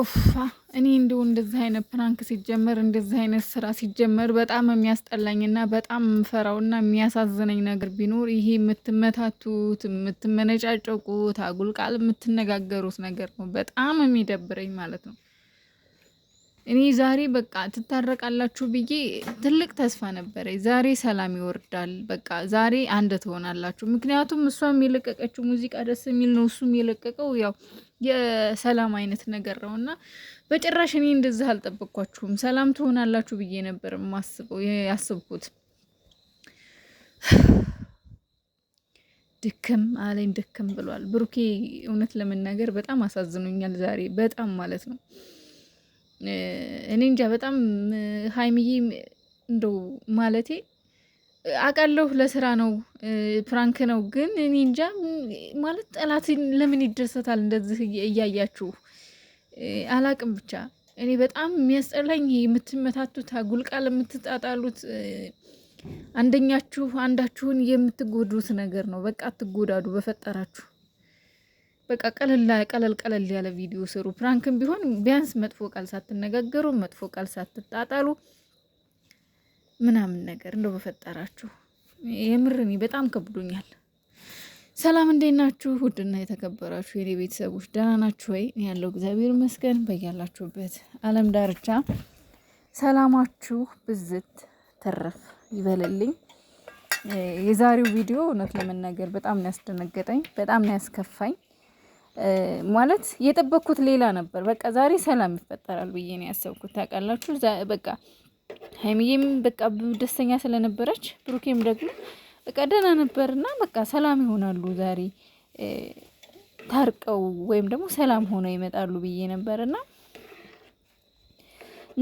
ኡፋ እኔ እንደው እንደዚህ አይነት ፕራንክ ሲጀመር እንደዚህ አይነት ስራ ሲጀመር በጣም የሚያስጠላኝና በጣም የምፈራውና የሚያሳዝነኝ ነገር ቢኖር ይሄ የምትመታቱት የምትመነጫጨቁት አጉል ቃል የምትነጋገሩት ነገር ነው። በጣም የሚደብረኝ ማለት ነው። እኔ ዛሬ በቃ ትታረቃላችሁ ብዬ ትልቅ ተስፋ ነበረኝ። ዛሬ ሰላም ይወርዳል፣ በቃ ዛሬ አንድ ትሆናላችሁ። ምክንያቱም እሷም የለቀቀችው ሙዚቃ ደስ የሚል ነው፣ እሱም የለቀቀው ያው የሰላም አይነት ነገር ነው እና በጭራሽ እኔ እንደዚህ አልጠበቅኳችሁም። ሰላም ትሆናላችሁ ብዬ ነበር ያስብኩት። ድክም አለኝ ድክም ብሏል ብሩኬ። እውነት ለመናገር በጣም አሳዝኖኛል ዛሬ በጣም ማለት ነው። እኔ እንጃ በጣም ሀይምዬ እንደው ማለቴ አውቃለሁ ለስራ ነው ፕራንክ ነው። ግን እኔ እንጃ ማለት ጠላትን ለምን ይደሰታል እንደዚህ እያያችሁ አላቅም። ብቻ እኔ በጣም የሚያስጠላኝ የምትመታቱት አጉል ለምትጣጣሉት የምትጣጣሉት አንደኛችሁ አንዳችሁን የምትጎዱት ነገር ነው። በቃ አትጎዳዱ በፈጠራችሁ። በቃ ቀለል ቀለል ቀለል ያለ ቪዲዮ ስሩ። ፕራንክም ቢሆን ቢያንስ መጥፎ ቃል ሳትነጋገሩ መጥፎ ቃል ሳትጣጣሉ ምናምን ነገር እንደው በፈጠራችሁ የምር እኔ በጣም ከብዶኛል። ሰላም እንዴት ናችሁ? ውድና የተከበራችሁ የኔ ቤተሰቦች ደህና ናችሁ ወይ? እኔ ያለው እግዚአብሔር ይመስገን። በያላችሁበት ዓለም ዳርቻ ሰላማችሁ ብዝት ተረፍ ይበልልኝ። የዛሬው ቪዲዮ እውነት ለመናገር በጣም ያስደነገጠኝ፣ በጣም ያስከፋኝ። ማለት የጠበቅኩት ሌላ ነበር። በቃ ዛሬ ሰላም ይፈጠራል ብዬ ነው ያሰብኩት። ታውቃላችሁ በቃ ሀይሚዬም በቃ ደስተኛ ስለነበረች ብሩኬም ደግሞ በቃ ደህና ነበርና በቃ ሰላም ይሆናሉ ዛሬ ታርቀው ወይም ደግሞ ሰላም ሆነው ይመጣሉ ብዬ ነበርና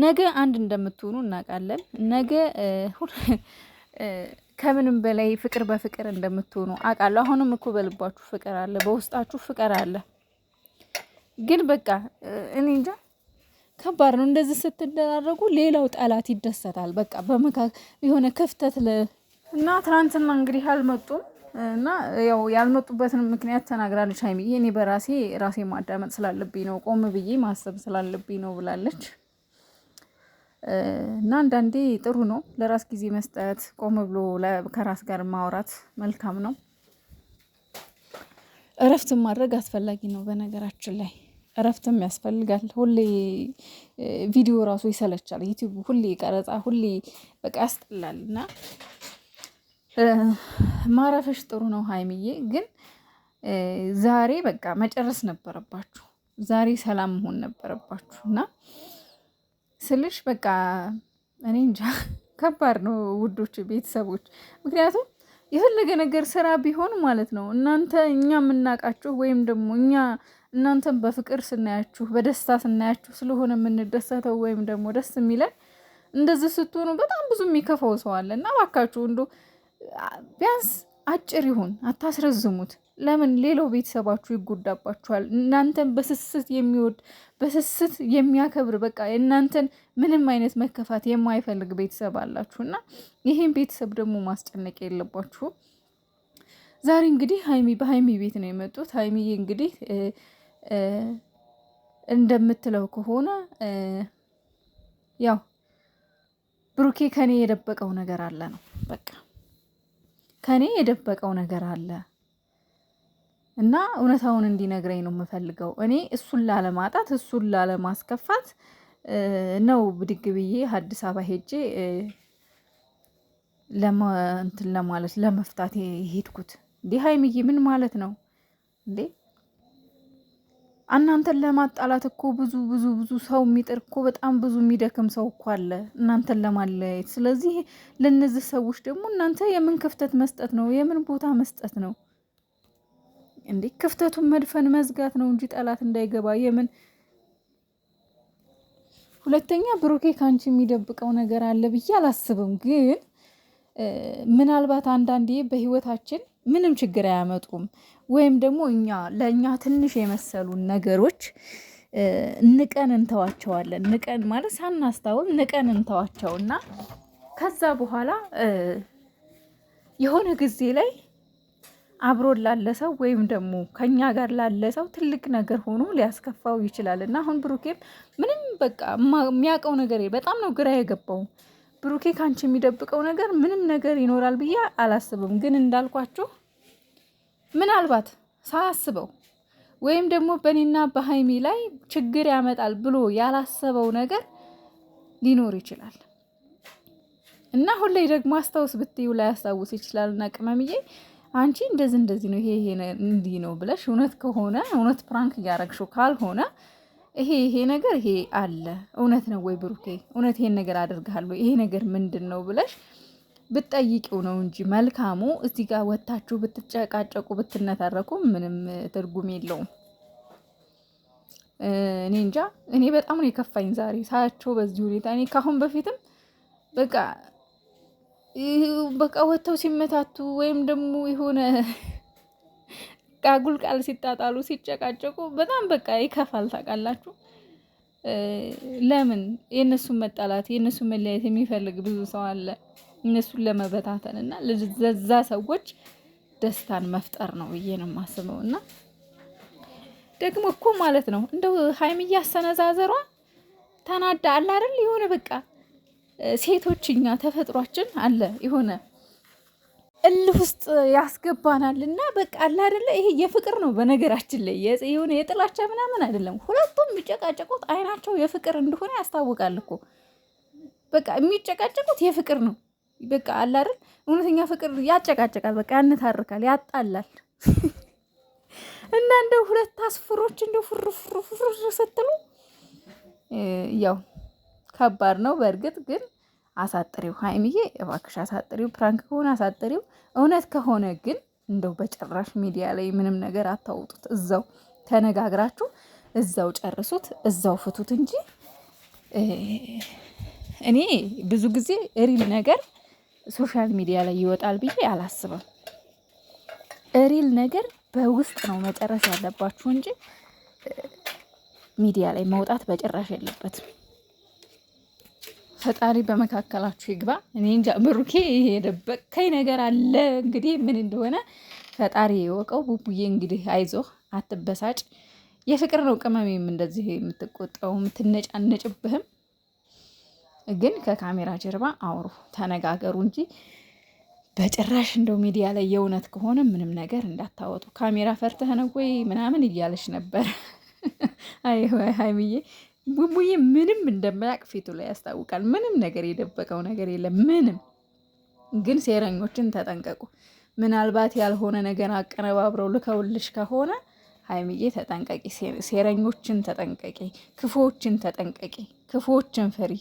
ነገ አንድ እንደምትሆኑ እናውቃለን። ነገ ከምንም በላይ ፍቅር በፍቅር እንደምትሆኑ አውቃለሁ። አሁንም እኮ በልባችሁ ፍቅር አለ፣ በውስጣችሁ ፍቅር አለ። ግን በቃ እኔ እንጃ ከባድ ነው። እንደዚህ ስትደራረጉ ሌላው ጠላት ይደሰታል። በቃ በመካ የሆነ ክፍተት እና ትናንትና እንግዲህ አልመጡም እና ያው ያልመጡበትን ምክንያት ተናግራለች ሀይሚዬ። እኔ በራሴ ራሴ ማዳመጥ ስላለብኝ ነው፣ ቆም ብዬ ማሰብ ስላለብኝ ነው ብላለች። እና አንዳንዴ ጥሩ ነው ለራስ ጊዜ መስጠት፣ ቆም ብሎ ከራስ ጋር ማውራት መልካም ነው። እረፍትን ማድረግ አስፈላጊ ነው በነገራችን ላይ እረፍትም ያስፈልጋል። ሁሌ ቪዲዮ ራሱ ይሰለቻል። ዩቲዩብ ሁሌ ቀረጻ፣ ሁሌ በቃ ያስጠላል። እና ማረፍሽ ጥሩ ነው ሀይሚዬ። ግን ዛሬ በቃ መጨረስ ነበረባችሁ። ዛሬ ሰላም መሆን ነበረባችሁ። እና ስልሽ በቃ እኔ እንጃ ከባድ ነው ውዶች፣ ቤተሰቦች ምክንያቱም የፈለገ ነገር ስራ ቢሆን ማለት ነው እናንተ እኛ የምናውቃችሁ ወይም ደግሞ እኛ እናንተም በፍቅር ስናያችሁ በደስታ ስናያችሁ ስለሆነ የምንደሰተው ወይም ደግሞ ደስ የሚለን እንደዚህ ስትሆኑ በጣም ብዙ የሚከፋው ሰው አለ እና እባካችሁ እንዶ ቢያንስ አጭር ይሁን አታስረዝሙት። ለምን ሌላው ቤተሰባችሁ ይጎዳባችኋል። እናንተን በስስት የሚወድ በስስት የሚያከብር በቃ እናንተን ምንም አይነት መከፋት የማይፈልግ ቤተሰብ አላችሁ እና ይህን ቤተሰብ ደግሞ ማስጨነቅ የለባችሁም። ዛሬ እንግዲህ ሀይሚ በሀይሚ ቤት ነው የመጡት። ሀይሚዬ እንግዲህ እንደምትለው ከሆነ ያው ብሩኬ ከኔ የደበቀው ነገር አለ ነው በቃ ከኔ የደበቀው ነገር አለ እና እውነታውን እንዲነግረኝ ነው የምፈልገው። እኔ እሱን ላለማጣት እሱን ላለማስከፋት ነው ብድግ ብዬ አዲስ አበባ ሄጄ እንትን ለማለት ለመፍታት የሄድኩት። እንዲህ ሀይምዬ ምን ማለት ነው እንዴ? እናንተን ለማጣላት እኮ ብዙ ብዙ ብዙ ሰው የሚጥር እኮ በጣም ብዙ የሚደክም ሰው እኮ አለ እናንተን ለማለያየት። ስለዚህ ለነዚህ ሰዎች ደግሞ እናንተ የምን ክፍተት መስጠት ነው? የምን ቦታ መስጠት ነው? እንዴ ክፍተቱን መድፈን መዝጋት ነው እንጂ ጠላት እንዳይገባ የምን ሁለተኛ ብሩኬ ከአንቺ የሚደብቀው ነገር አለ ብዬ አላስብም ግን ምናልባት አንዳንዴ በህይወታችን ምንም ችግር አያመጡም ወይም ደግሞ እኛ ለእኛ ትንሽ የመሰሉን ነገሮች ንቀን እንተዋቸዋለን። ንቀን ማለት ሳናስታውል ንቀን እንተዋቸውና ከዛ በኋላ የሆነ ጊዜ ላይ አብሮን ላለ ሰው ወይም ደግሞ ከኛ ጋር ላለ ሰው ትልቅ ነገር ሆኖ ሊያስከፋው ይችላል እና አሁን ብሩኬም ምንም በቃ የሚያውቀው ነገር በጣም ነው ግራ የገባው። ብሩኬ ካንቺ የሚደብቀው ነገር ምንም ነገር ይኖራል ብዬ አላስብም። ግን እንዳልኳችሁ ምናልባት ሳያስበው ወይም ደግሞ በእኔና በሀይሚ ላይ ችግር ያመጣል ብሎ ያላሰበው ነገር ሊኖር ይችላል እና ሁሌ ደግሞ አስታውስ ብትዩ ላይ ያስታውስ ይችላል እና ቅመምዬ አንቺ እንደዚህ እንደዚህ ነው ይሄ ይሄ እንዲህ ነው ብለሽ እውነት ከሆነ እውነት ፕራንክ እያረግሽው ካልሆነ ይሄ ይሄ ነገር ይሄ አለ እውነት ነው ወይ ብሩኬ፣ እውነት ይሄን ነገር አድርግሃል ወይ ይሄ ነገር ምንድን ነው ብለሽ ብትጠይቂው ነው እንጂ መልካሙ እዚ ጋር ወታችሁ ብትጨቃጨቁ ብትነታረኩ ምንም ትርጉም የለውም። እኔ እንጃ፣ እኔ በጣም ነው የከፋኝ ዛሬ ሳያቸው በዚህ ሁኔታ። እኔ ካሁን በፊትም በቃ በቃ ወጥተው ሲመታቱ ወይም ደግሞ የሆነ በቃ ጉልቃል ሲጣጣሉ ሲጨቃጨቁ በጣም በቃ ይከፋል። ታውቃላችሁ። ለምን የእነሱን መጣላት የእነሱን መለያየት የሚፈልግ ብዙ ሰው አለ፣ እነሱን ለመበታተን እና ለዛ ሰዎች ደስታን መፍጠር ነው ብዬ ነው የማስበው። እና ደግሞ እኮ ማለት ነው እንደው ሀይም እያሰነዛዘሯ ተናዳ አለ አይደል? የሆነ በቃ ሴቶችኛ ተፈጥሯችን አለ የሆነ እልህ ውስጥ ያስገባናል እና በቃ አለ አይደለ ይሄ የፍቅር ነው። በነገራችን ላይ የሆነ የጥላቻ ምናምን አይደለም። ሁለቱም የሚጨቃጨቁት አይናቸው የፍቅር እንደሆነ ያስታውቃል እኮ በቃ የሚጨቃጨቁት የፍቅር ነው። በቃ አለ አይደል እውነተኛ ፍቅር ያጨቃጨቃል፣ በቃ ያነታርካል፣ ያጣላል እና እንደ ሁለት አስፍሮች እንደ ፍርፍርፍር ስትሉ ያው ከባድ ነው በእርግጥ ግን አሳጥሪው ሀይሚዬ እባክሽ አሳጥሪው። ፕራንክ ከሆነ አሳጥሪው፣ እውነት ከሆነ ግን እንደው በጭራሽ ሚዲያ ላይ ምንም ነገር አታውጡት። እዛው ተነጋግራችሁ እዛው ጨርሱት፣ እዛው ፍቱት እንጂ እኔ ብዙ ጊዜ ሪል ነገር ሶሻል ሚዲያ ላይ ይወጣል ብዬ አላስብም። ሪል ነገር በውስጥ ነው መጨረስ ያለባችሁ እንጂ ሚዲያ ላይ መውጣት በጭራሽ የለበትም። ፈጣሪ በመካከላችሁ ይግባ። እኔ እንጃ ብሩኬ የደበቀኝ ነገር አለ። እንግዲህ ምን እንደሆነ ፈጣሪ የወቀው። ቡቡዬ እንግዲህ አይዞህ፣ አትበሳጭ። የፍቅር ነው ቅመሜም እንደዚህ የምትቆጠው የምትነጫነጭብህም። ግን ከካሜራ ጀርባ አውሩ፣ ተነጋገሩ እንጂ በጭራሽ እንደው ሚዲያ ላይ የእውነት ከሆነ ምንም ነገር እንዳታወጡ። ካሜራ ፈርተህ ነው ወይ ምናምን እያለች ነበር። አይ ሀይሚዬ ቡቡዬ ምንም እንደማያውቅ ፊቱ ላይ ያስታውቃል። ምንም ነገር የደበቀው ነገር የለም። ምንም ግን ሴረኞችን ተጠንቀቁ። ምናልባት ያልሆነ ነገር አቀነባብረው ልከውልሽ ከሆነ ሀይምዬ ተጠንቀቂ፣ ሴረኞችን ተጠንቀቂ፣ ክፉዎችን ተጠንቀቂ፣ ክፉዎችን ፍሪ።